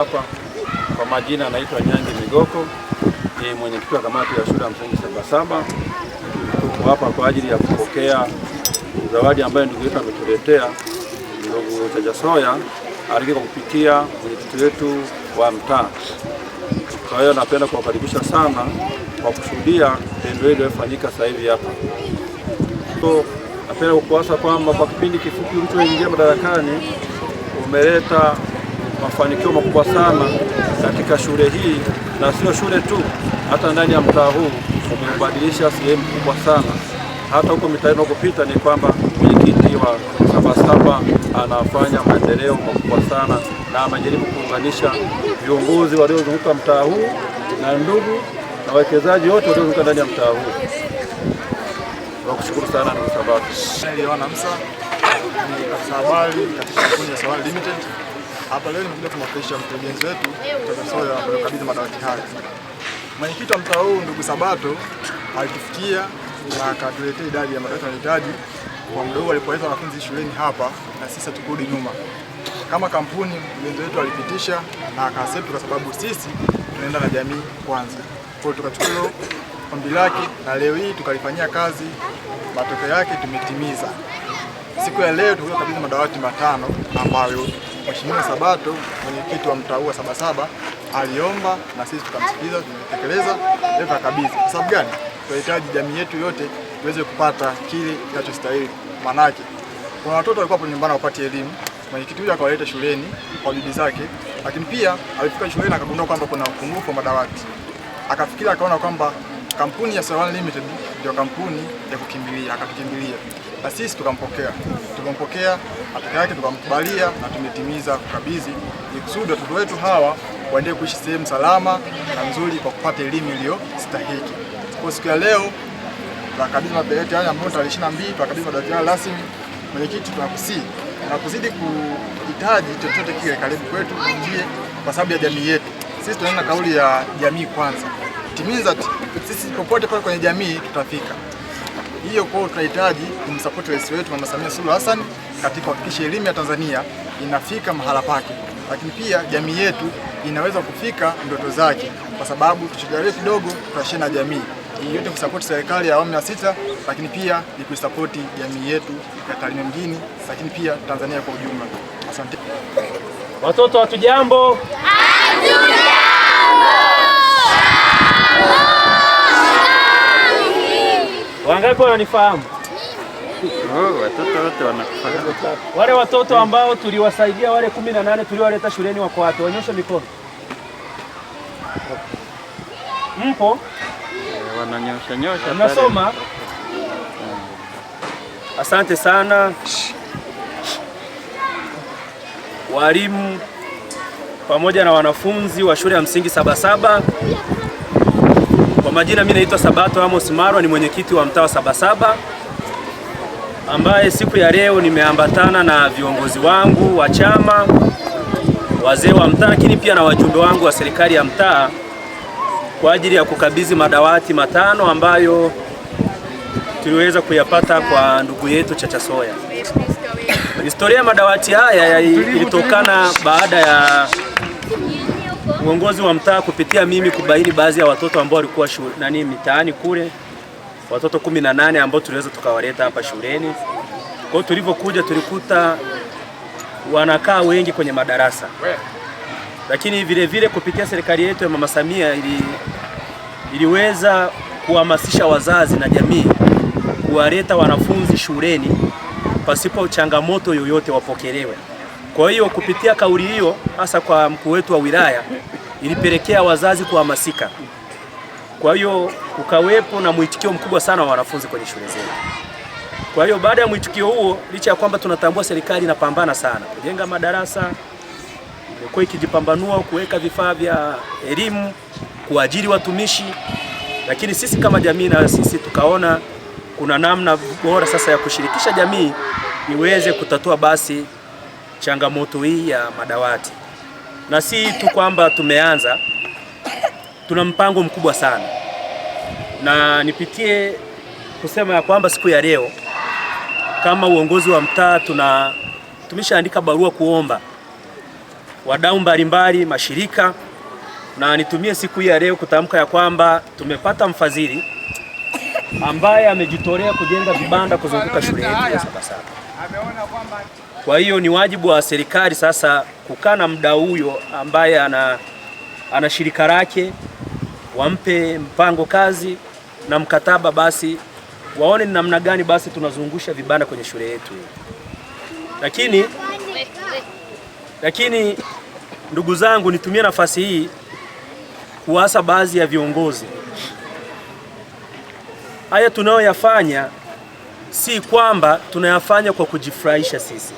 Hapa kwa majina anaitwa Nyangi Migoko, ni mwenyekiti wa kamati ya shule ya msingi Sabasaba. Tuko hapa kwa ajili ya kupokea zawadi ambayo ndugu yetu ametuletea, ndugu Soya aliki kwa kupitia mwenyekiti wetu wa mtaa. Kwa hiyo napenda kuwakaribisha sana kwa kushuhudia tendo hili lilofanyika sasa hivi hapa. So, napenda kukuasa kwamba kwa kipindi kifupi mtu aingia madarakani umeleta mafanikio makubwa sana katika shule hii, na sio shule tu, hata ndani ya mtaa huu umebadilisha sehemu kubwa sana. Hata huko mitaa kupita ni kwamba mwenyekiti wa Sabasaba anafanya maendeleo makubwa sana, na amejaribu kuunganisha viongozi waliozunguka mtaa huu na ndugu na wawekezaji wote waliozunguka ndani ya mtaa huu. Nakushukuru sana ndugu Sabasaba. Ni afisa habari katika kampuni ya Limited. Hapa leo nimekuja kumwakilisha mkurugenzi wetu Soya aliyokabidhi madawati haya. Mwenyekiti wa mtaa huu ndugu Sabato alitufikia na akatuletea idadi ya madawati yanayohitaji kwa mdogo alipoweza wanafunzi shuleni hapa, na sisi hatukurudi nyuma. Kama kampuni mkurugenzi wetu alipitisha na akaaccept, kwa sababu sisi tunaenda na jamii kwanza. Kwa hiyo tukachukua ombi lake na leo hii tukalifanyia kazi, matokeo yake tumetimiza. Siku ya leo tukakabidhi madawati matano ambayo Mheshimiwa Sabato, mwenyekiti wa mtaa wa Sabasaba, aliomba na sisi tukamsikiliza, tumetekeleza leo kabisa. Kwa sababu gani? Tunahitaji jamii yetu yote iweze kupata kile kinachostahili. Manake kuna watoto walikuwa nyumbani wapate elimu, mwenyekiti huyu akawaleta shuleni kwa bibi zake, lakini pia alifika shuleni akagundua kwamba kuna upungufu wa madawati, akafikiri akaona kwamba Kampuni ya Sawan Limited ndio kampuni ya kukimbilia, akatukimbilia na sisi tukampokea, tukampokea matokeo yake tukamkubalia na tumetimiza kukabidhi, ni kusudi watoto wetu hawa waendelee kuishi sehemu salama na nzuri kwa kupata elimu iliyo stahiki Kwa siku ya leo tunakabidhi madaraka haya ambayo tarehe 22 tunakabidhi madaraka haya rasmi. Mwenyekiti, tunakusii kuzidi kuhitaji chochote kile, karibu kwetu njie, kwa sababu ya jamii yetu. Sisi tunaenda kauli ya jamii kwanza, timiza sisi popote pale kwenye jamii tutafika. Hiyo kwao, tunahitaji kumsapoti rais wetu Mama Samia Suluhu Hassan katika kuhakikisha elimu ya Tanzania inafika mahala pake, lakini pia jamii yetu inaweza kufika ndoto zake, kwa sababu tuchojalie kidogo, tutashia na jamii hii yote kusapoti serikali ya awamu ya sita, lakini pia ni kuisapoti jamii yetu ya Tarime mjini, lakini pia Tanzania kwa ujumla. Asante watoto. Hatujambo, hatujambo. Wangapi wananifahamu? Oh, watoto wote wanakufahamu. Wale watoto ambao tuliwasaidia wale kumi na nane tuliowaleta shuleni wako wapi? Wanyoshe mikono. Mpo? Eh, wananyosha nyosha. Mnasoma? Asante sana walimu pamoja na wanafunzi wa shule ya msingi Sabasaba. Kwa majina mimi naitwa Sabato Amos Marwa, ni mwenyekiti wa mtaa wa Sabasaba ambaye siku ya leo nimeambatana na viongozi wangu wa chama, wazee wa mtaa, lakini pia na wajumbe wangu wa serikali ya mtaa kwa ajili ya kukabidhi madawati matano ambayo tuliweza kuyapata kwa ndugu yetu Chacha Soya. Historia ya madawati haya ilitokana baada ya uongozi wa mtaa kupitia mimi kubaini baadhi ya watoto ambao walikuwa nani mitaani kule, watoto kumi na nane ambao tuliweza tukawaleta hapa shuleni. Kwa hiyo tulivyokuja, tulikuta wanakaa wengi kwenye madarasa, lakini vile vile kupitia serikali yetu ya Mama Samia ili, iliweza kuhamasisha wazazi na jamii kuwaleta wanafunzi shuleni pasipo changamoto yoyote, wapokelewe. Kwa hiyo kupitia kauli hiyo hasa kwa mkuu wetu wa wilaya ilipelekea wazazi kuhamasika. Kwa hiyo kukawepo na mwitikio mkubwa sana wa wanafunzi kwenye shule zetu. Kwa hiyo baada ya mwitikio huo, licha ya kwamba tunatambua serikali inapambana sana kujenga madarasa, imekuwa ikijipambanua kuweka vifaa vya elimu, kuajiri watumishi, lakini sisi kama jamii na sisi tukaona kuna namna bora sasa ya kushirikisha jamii iweze kutatua basi changamoto hii ya madawati, na si tu kwamba tumeanza, tuna mpango mkubwa sana, na nipitie kusema ya kwamba siku ya leo kama uongozi wa mtaa tuna tumeshaandika barua kuomba wadau mbalimbali, mashirika, na nitumie siku ya leo kutamka ya kwamba tumepata mfadhili ambaye amejitolea kujenga vibanda kuzunguka shule yetu ya Sabasaba. Kwa hiyo ni wajibu wa serikali sasa kukaa na mda huyo ambaye ana, ana shirika lake, wampe mpango kazi na mkataba, basi waone ni namna gani basi tunazungusha vibanda kwenye shule yetu. Lakini lakini ndugu zangu, nitumie nafasi hii kuasa baadhi ya viongozi, haya tunayoyafanya si kwamba tunayafanya kwa kujifurahisha sisi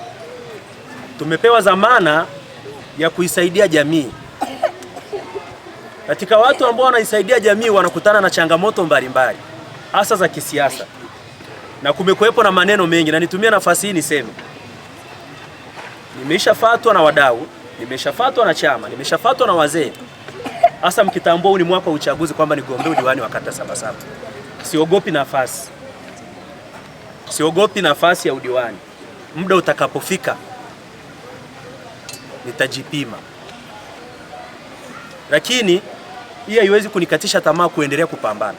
tumepewa dhamana ya kuisaidia jamii. Katika watu ambao wanaisaidia jamii wanakutana na changamoto mbalimbali hasa za kisiasa, na kumekuwepo na maneno mengi, na nitumie nafasi hii niseme, nimeshafatwa na wadau, nimeshafatwa na chama, nimeshafatwa na wazee, hasa mkitambua huu ni mwaka wa uchaguzi kwamba nigombee udiwani wa kata Sabasaba. Siogopi nafasi, siogopi nafasi ya udiwani. Muda utakapofika nitajipima. Lakini hii haiwezi kunikatisha tamaa kuendelea kupambana.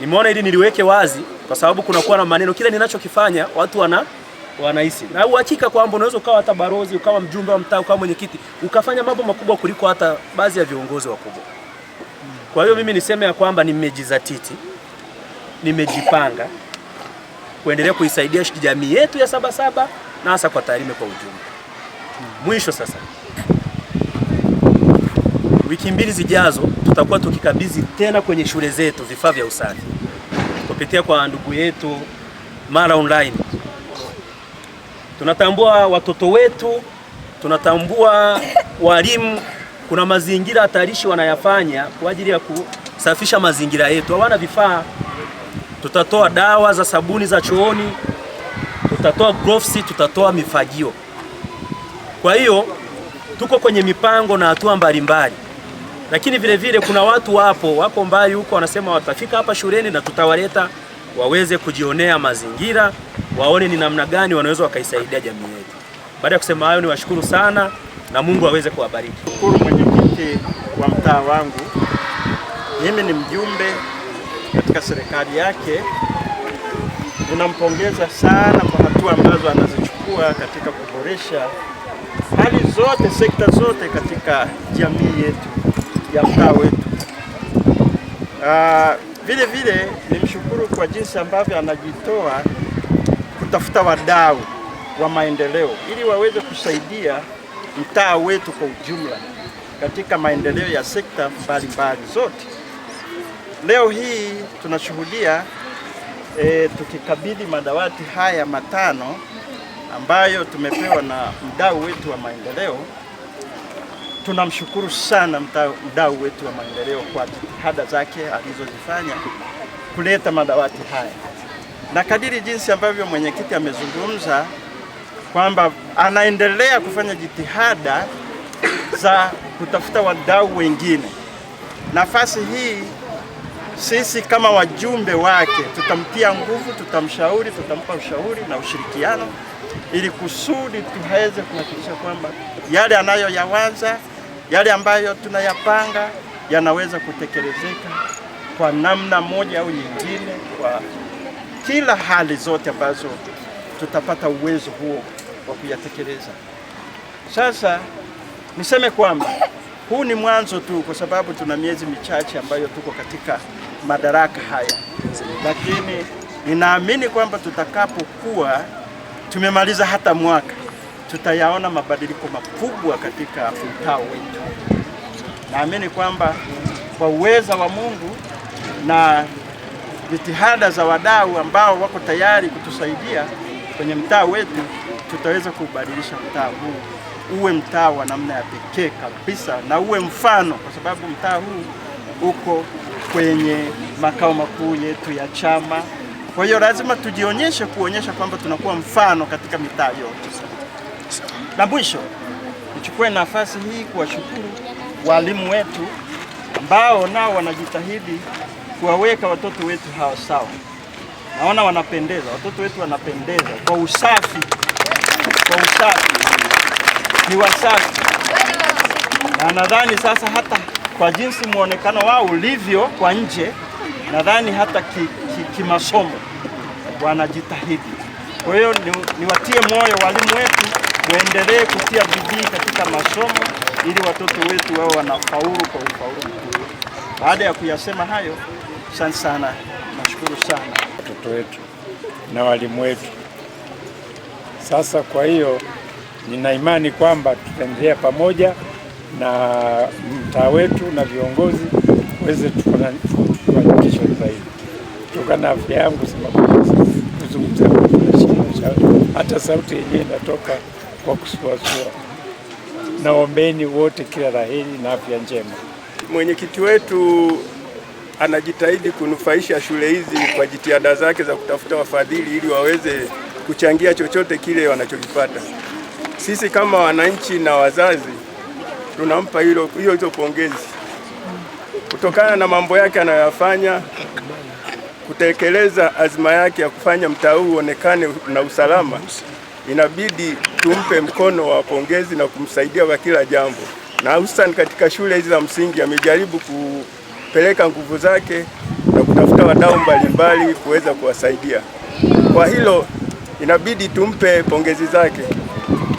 Nimeona ili niliweke wazi, kwa sababu kunakuwa na maneno kile ninachokifanya watu wana wanahisi na uhakika kwamba unaweza ukawa hata barozi ukawa mjumbe wa mtaa ukawa mwenyekiti ukafanya mambo makubwa kuliko hata baadhi ya viongozi wakubwa. Kwa hiyo mimi niseme ya kwamba nimejizatiti, nimejipanga kuendelea kuisaidia jamii yetu ya Sabasaba na hasa kwa Tarime kwa ujumla. Mwisho sasa, wiki mbili zijazo tutakuwa tukikabidhi tena kwenye shule zetu vifaa vya usafi kupitia kwa ndugu yetu Mara Online. Tunatambua watoto wetu, tunatambua walimu, kuna mazingira hatarishi wanayafanya kwa ajili ya kusafisha mazingira yetu, hawana vifaa. Tutatoa dawa za sabuni za chooni, tutatoa gloves, tutatoa mifagio. Kwa hiyo tuko kwenye mipango na hatua mbalimbali, lakini vile vile kuna watu wapo wako mbali huko, wanasema watafika hapa shuleni na tutawaleta waweze kujionea mazingira, waone ni namna gani wanaweza wakaisaidia jamii yetu. Baada ya kusema hayo, niwashukuru sana na Mungu aweze kuwabariki. Shukuru mwenyekiti wa mtaa wangu, mimi ni mjumbe katika serikali yake. Ninampongeza sana kwa hatua ambazo anazichukua katika kuboresha zote, sekta zote katika jamii yetu ya mtaa wetu. Uh, vile vile nimshukuru kwa jinsi ambavyo anajitoa kutafuta wadau wa maendeleo ili waweze kusaidia mtaa wetu kwa ujumla katika maendeleo ya sekta mbalimbali zote. Leo hii tunashuhudia e, tukikabidhi madawati haya matano ambayo tumepewa na mdau wetu wa maendeleo. Tunamshukuru sana mdau wetu wa maendeleo kwa jitihada zake alizozifanya kuleta madawati haya, na kadiri jinsi ambavyo mwenyekiti amezungumza kwamba anaendelea kufanya jitihada za kutafuta wadau wengine. Nafasi hii sisi kama wajumbe wake tutamtia nguvu, tutamshauri, tutampa ushauri na ushirikiano ili kusudi tuweze kuhakikisha kwamba yale anayoyawaza, yale ambayo tunayapanga yanaweza kutekelezeka kwa namna moja au nyingine, kwa kila hali zote ambazo tutapata uwezo huo wa kuyatekeleza. Sasa niseme kwamba huu ni mwanzo tu, kwa sababu tuna miezi michache ambayo tuko katika madaraka haya, lakini ninaamini kwamba tutakapokuwa tumemaliza hata mwaka, tutayaona mabadiliko makubwa katika mtaa wetu. Naamini kwamba kwa uweza wa Mungu na jitihada za wadau ambao wako tayari kutusaidia kwenye mtaa wetu tutaweza kuubadilisha mtaa huu uwe mtaa wa namna ya pekee kabisa na uwe mfano, kwa sababu mtaa huu uko kwenye makao makuu yetu ya chama. Kwa hiyo lazima tujionyeshe, kuonyesha kwamba tunakuwa mfano katika mitaa yote. Na mwisho, nichukue nafasi hii kuwashukuru walimu wetu ambao nao wanajitahidi kuwaweka watoto wetu hawa sawa. Naona wanapendeza, watoto wetu wanapendeza kwa usafi, kwa usafi ni wasafi, na nadhani sasa hata kwa jinsi mwonekano wao ulivyo kwa nje, nadhani hata kimasomo ki, ki wanajitahidi. Kwa hiyo ni, niwatie moyo walimu wetu, muendelee kutia bidii katika masomo ili watoto wetu wao wanafaulu kwa ufaulu mkubwa. Baada ya kuyasema hayo, asante sana, nashukuru sana watoto wetu na walimu wetu. Sasa kwa hiyo Nina imani kwamba tutaendelea pamoja na mtaa wetu na viongozi weze kufanikisha zaidi. Kutokana na afya yangu kuzungumza hata sauti yenyewe inatoka kwa kusuasua. Naombeni wote kila laheri na afya njema. Mwenyekiti wetu anajitahidi kunufaisha shule hizi kwa jitihada zake za kutafuta wafadhili ili waweze kuchangia chochote kile wanachokipata. Sisi kama wananchi na wazazi tunampa hilo hiyo hizo pongezi kutokana na mambo yake anayoyafanya kutekeleza azma yake ya kufanya mtaa huu uonekane na usalama. Inabidi tumpe mkono wa pongezi na kumsaidia kwa kila jambo, na hususan katika shule hizi za msingi amejaribu kupeleka nguvu zake na kutafuta wadau mbalimbali kuweza kuwasaidia. Kwa hilo inabidi tumpe pongezi zake.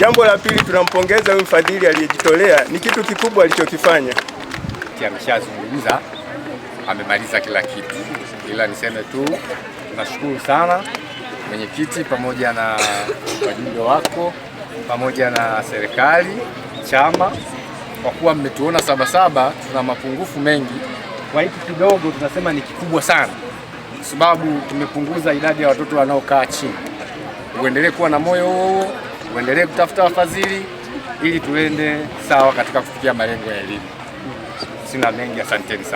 Jambo la pili, tunampongeza huyu mfadhili aliyejitolea, ni kitu kikubwa alichokifanya. Ameshazungumza, amemaliza kila kitu, ila niseme tu tunashukuru sana mwenyekiti pamoja na wajumbe wako pamoja na serikali chama, kwa kuwa mmetuona Sabasaba tuna mapungufu mengi, kwa hiki kidogo tunasema ni kikubwa sana, kwa sababu tumepunguza idadi ya watoto wanaokaa chini. Uendelee kuwa na moyo huo uendelee kutafuta wafadhili ili tuende sawa katika kufikia malengo ya elimu. Sina mengi, asanteni sana.